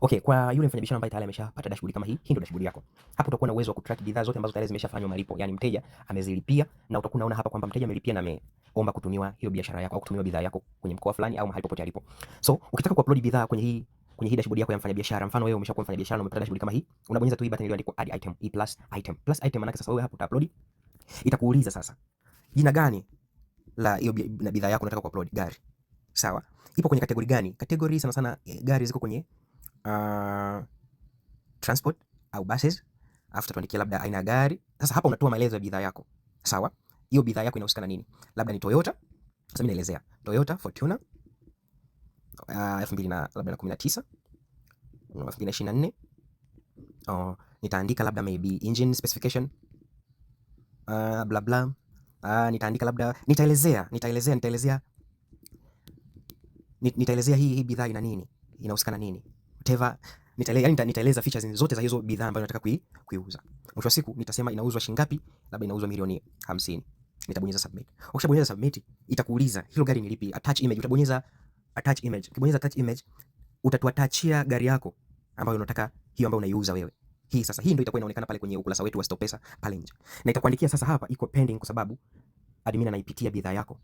Okay, kwa yule mfanyabiashara ambaye tayari ameshapata shughuli kama hii, hii ndio shughuli yako. Hapo utakuwa na uwezo wa kutrack bidhaa zote ambazo tayari zimeshafanywa malipo, yani mteja amezilipia, na utakuwa unaona hapa kwamba mteja amelipia na ameomba kutumiwa hiyo biashara yako au kutumiwa bidhaa yako kwenye mkoa fulani au mahali popote alipo. So, ukitaka kuupload bidhaa kwenye hii kwenye hii dashboard yako ya mfanyabiashara, mfano wewe umeshakuwa mfanyabiashara na umepata shughuli kama hii, unabonyeza tu hii button iliyoandikwa add item, e plus item. Plus item maana sasa wewe hapo utaupload. Itakuuliza sasa jina gani la hiyo bidhaa yako unataka kuupload? Gari. Sawa. Ipo kwenye kategori gani? Kategori sana sana eh, gari ziko kwenye uh, transport au buses, afu tatuandikia labda aina ya gari. Sasa hapa unatoa maelezo ya bidhaa yako, sawa? Hiyo bidhaa yako inahusika na nini? Labda ni Toyota. Sasa mimi naelezea Toyota Fortuner uh, elfu mbili na labda na kumi na tisa elfu mbili na ishirini na nne uh, nitaandika labda maybe engine specification uh, bla bla uh, nitaandika labda nitaelezea nitaelezea nitaelezea nitaelezea hii hii bidhaa ina nini inahusika na nini whatever nitaeleza yani, nitaeleza features zote za hizo bidhaa ambazo nataka kui, kuiuza. Mwisho wa siku nitasema inauzwa shilingi ngapi, labda inauzwa milioni 50. Nitabonyeza submit. Ukishabonyeza submit, itakuuliza hilo gari ni lipi, attach image. Utabonyeza attach image. Ukibonyeza attach image, utatuatachia gari yako ambayo unataka hiyo ambayo unaiuza wewe. Hii sasa, hii ndio itakuwa inaonekana pale kwenye ukurasa wetu wa Stopesa pale nje, na itakuandikia sasa, hapa iko pending kwa sababu admin anaipitia bidhaa yako.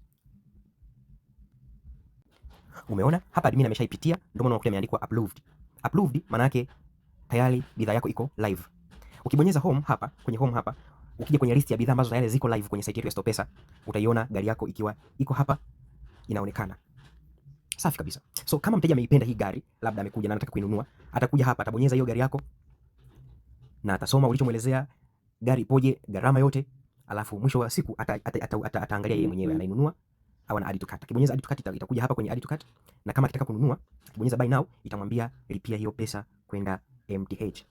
Umeona hapa admin ameshaipitia, ndio maana unakuta imeandikwa approved. Approved maana yake tayari bidhaa yako iko live. Ukibonyeza home hapa, kwenye home hapa, ukija kwenye list ya bidhaa ambazo tayari ziko live kwenye site yetu ya StorePesa, utaiona gari yako ikiwa iko hapa inaonekana. Safi kabisa. So kama mteja ameipenda hii gari, labda amekuja na anataka kuinunua, atakuja hapa, atabonyeza hiyo gari yako na atasoma ulichomwelezea gari ipoje, gharama yote, alafu mwisho wa siku ataangalia ata, ata, ata, ata yeye mwenyewe anainunua au na add to cart. Akibonyeza add to cart itakuja hapa kwenye add to cart, na kama akitaka kununua akibonyeza buy now itamwambia lipia hiyo pesa kwenda MTH.